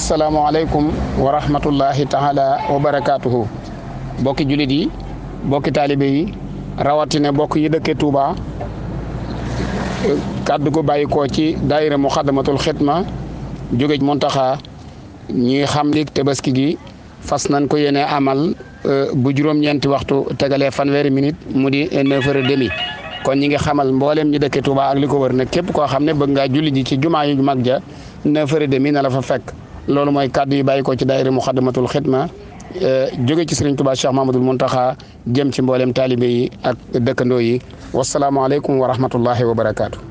asalaamualeykum wa rahmatullahi taala wa barakaatuhu bokki jullit yi bokki taalibe yi rawatina bokk yi dëkke Touba kàddu ko bàyyi ko ci daayira muxadamatul xidma jóge Muntaxa ñuy xam lig tabaski gi fas nañ ko yéene amal euh, bu juróom-ñeenti waxtu tegalee fanweeri minute mu di neuf heures et demi kon ñi ngi xamal mbooleem ñi dëkke Touba ak li ko wër ne képp koo xam ne bëgg ngaa julli ji ci jumaa yu mag ja neuf heures demi na la fa fekk loolu mooy kàddu yi bàyyi ko ci daayira Muxaddamatul Xidma eh, jóge ci Serigne Touba Cheikh Mamadou Mountakha jëm ci mboolem taalibe yi ak dëkkandoo yi wasalaamualeykum wa rahmatullahi wa barakaatu.